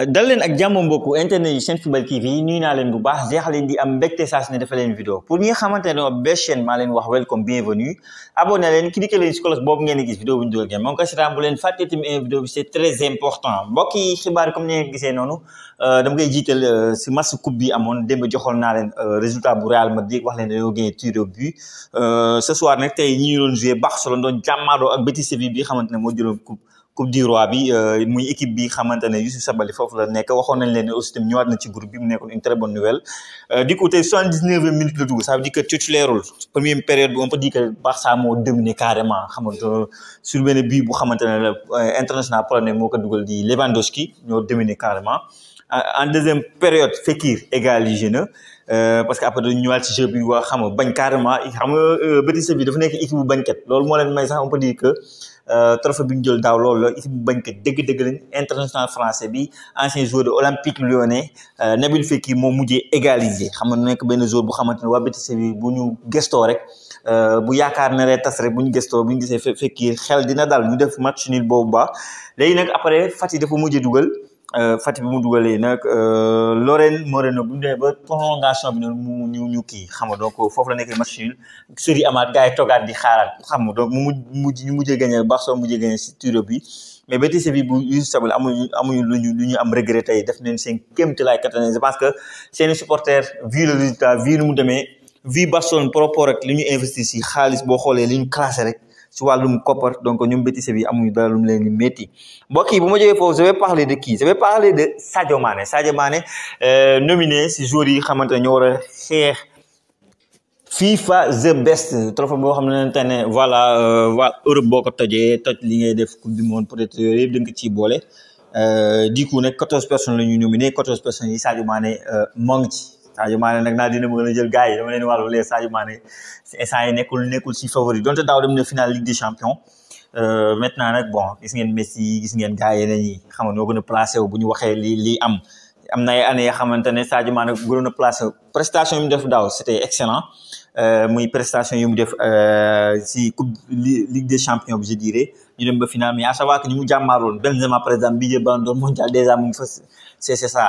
Euh, dalen ak jamm mbokku internet yi seen football TV nuyu naa leen bu baax jeex leen di am mbégte saa su ne dafa leen vidéo pour ñi xamantene xamante ne dama bes chaîne maa leen wax welcome bienvenue abonné leen cliquer leen si cloche boobu ngeen gis vidéo bu ñu dugal ngeen moom ko sitaan bu leen fàtte tamit un vidéo bi c'est très important mbokk yi xibaar comme ni ngeen gisee noonu euh, dama koy jiital si euh, match coupe bi amoon démb joxoon naa leen résultat bu Real Madrid wax leen dañoo gagné tir au but ce soir nag tey ñi ñu doon joué Barcelone doon jàmmaaroo ak Betis Séville bi nga xamante ne moo jëloon coupe coupe du roi bi euh, muy équipe bi xamante Youssouf Sabali fofu la nek waxoon nañ leen ne aussi tamit ñëwaat na ci groupe bi mu nekkoon une très bonne nouvelle euh du côté soixante-dix-neuf minutes la dugg ça veut dire que titulaireul première période bi on peut dire que Barça mo dominé carrément xamante sur benn bi bu xamante la euh, international polonais moko duggal di Lewandowski ñoo dominé carrément euh, en deuxième période Fekir égalisé na parce que après dañu ñëwaat ci jeu bi wa xam nga bañ carrément xam nga Betis bi dafa nek équipe bu bañkat loolu moo leen may sax on peut dire que euh, trophée bi jël daw loolu la équipe bu bañ ko dégg-dégg lañ international français bi ancien joueur de Olympique Lyonnais euh, Nabil fekki moo mujjee égaliser xam nga nekk benn joueur bu xamante ne waa Betis bi bu ñu gestoo rek euh, bu yaakaar ne rek tas rek bu ñu gestoo bu ñu gisee fekki xel dina dal ñu def match nul boobu ba léegi nag après Fati dafa mujjee dugal. Euh, Fatick bi mu dugalee nag euh, Lorraine Moreno bu ñu demee ba prolongation bi noonu mu ñu ñu kii xam nga donc foofu la nekk match nul sori amaat gars yi toogaat di xaaraat xam nga donc mu mujj ñu mujjee gagné Barça mujjee gagné si Turop bi mais Betis Séville bu Youssouf Sabaly amuñu lu ñu lu ñu am regret tey def neen seen kéemtalaay kattan je pense que seeni supporters vu le résultat vu nu mu demee vu Barcelone pour rapport ak li ñu investi si xaalis boo xoolee li ñu classé rek. ci walum koppar donc ñum bétisé bi amuñu dara lu mu leen di métti mbokk yi bu ma jógee je vais parler de qui je vais parler de Sadio Mané Sadio Mané euh nominé si joueurs yi xamante ñoo war xex FIFA the best trophée bo xam tane voilà euh wa Europe boko ko toj li ngay def coupe du monde peut-être yépp dëng ci bolé euh ciy boole euh, du coup nag quatorze personnes la ñu nominé 14 personnes yi Sadio Mané euh, moo ngi ci. Sadio Mané nag naa dina ma gën a jël gars yi dama leen wàllu léegi Sadio Mané nekkul si favori donte daaw dem na final Ligue des champions euh, bon gis ngeen Messi gis ngeen gars yi nañi xam nga ñoo gën a bu ñu waxee li lii na ay xamante ne Sadio Mané gënoon a placé prestation yu mu def daaw euh, muy prestation yu mu def euh, si coupe lig des champions bi je dirais ñu mu ba final mais à savoir que ñu mu jàmmaaroon Benzema par exemple bi jë bandoon mondial déjà mu fa c'est ça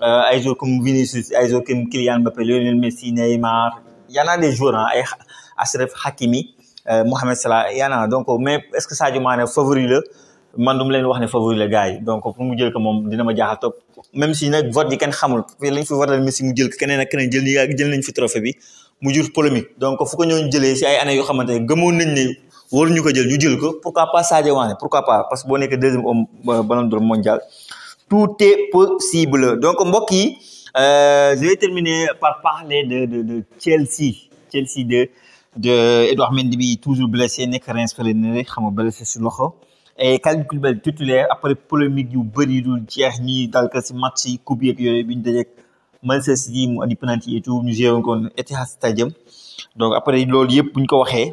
ay joueurs comme Vinicius ay Kylian Mbappé Lionel Messi Neymar y en a des joueurs hein, Hakimi euh, Mohamed Salah y en donc mais est-ce que Sadio Mané favori man du len wax ne favori le gars donc pour mu jël ko que dina ma vu top même si vu vote di ken xamul que lañ fi Messi mu jël keneen ak keneen jël que jël nañ fi trophée bi mu jur polémique donc fu ko que ay ko pourquoi pas Sadio pourquoi pas parce que deuxième homme euh, mondial tout est possible. Donc, Mboki, euh, je vais terminer par parler de, de, de Chelsea. Chelsea de, de Edouard Mendy, toujours blessé, n'est blessé sur l'oreille. et Kalidou Koulibaly titulaire après polémique du bëri du jeex ñi dal ka si match yi coupe yeeg yooyu bi Manchester City mu andi penalty et tout ñu gérer kon Etihad Stadium donc après loolu yépp buñ ko waxé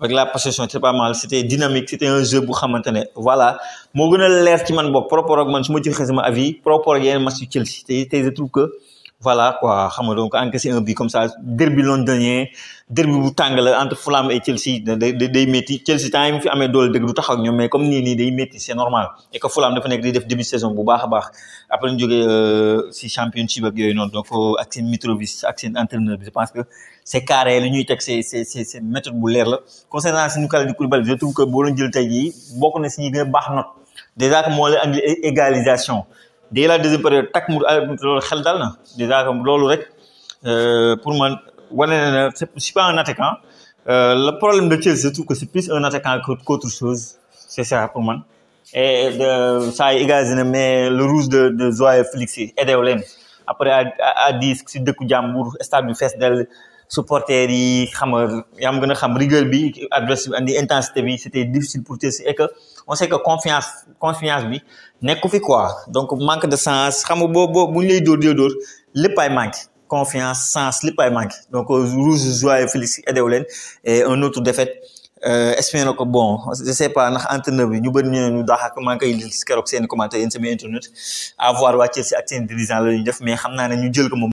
avec la possession c'était pas mal c'était dynamique c'était un jeu bu xamante voilà Moi, gën l'air qui ci man je par rapport ak man su ma vie, sama avis par rapport match Chelsea je trouve que voilà quoi xam nga donc encaissé un but comme ça derby londonien derby bu tàng entre flamme et Chelsea day day métti Chelsea temps yi mu fi amee doole dëgg du tax ak ñoom mais comme nii nii day métti c'est normal et que Flamme dafa nekk di def début saison bu baax a baax après ñu jógee euh, si championship ak yooyu noonu donc euh, ak seen Mitrovic ak seen entraîneur bi je pense que c'est carré li ñuy teg c'est c'est c'est méthode bu leer la concernant suñu kàlla di Koulibaly je trouve que boo doon jël tey jii bokk na si ñi gën a baax note déjà que moo leen andi égalisation dès la deuxième période takk mu loolu euh, xel dal na dèjà loolu rek euh, pour man wane na c'est je suis pas un attaquant euh, le problème de Chelsea c'est trouve que c'est plus un attaquant qu'autre chose c'est ça pour man et de ça égalisé mais le rouge de de Joao Félix yi aidé wu après à à dix si dëkku jàmbur stade bi fees dal supporters yi xam yaa ma a xam rigueur bi adverse andi intensité bi c'était difficile pour Chelsea et que on sait que confiance confiance bi nekku fi quoi donc manque de sens xam bo bo, boo bu lay dóor dóor dóor ay manque confiance sens lepp ay manque donc rouge joie Félix edew et un autre défaite euh, espérons que bon je sais pas ndax entraîneur bi ñu bëñ ñu ne ak maa ngi koy seen commentaire sama internet à voir waa Chelsea ak seen dirigeant la ñu def mais xam naa ne ñu jël ko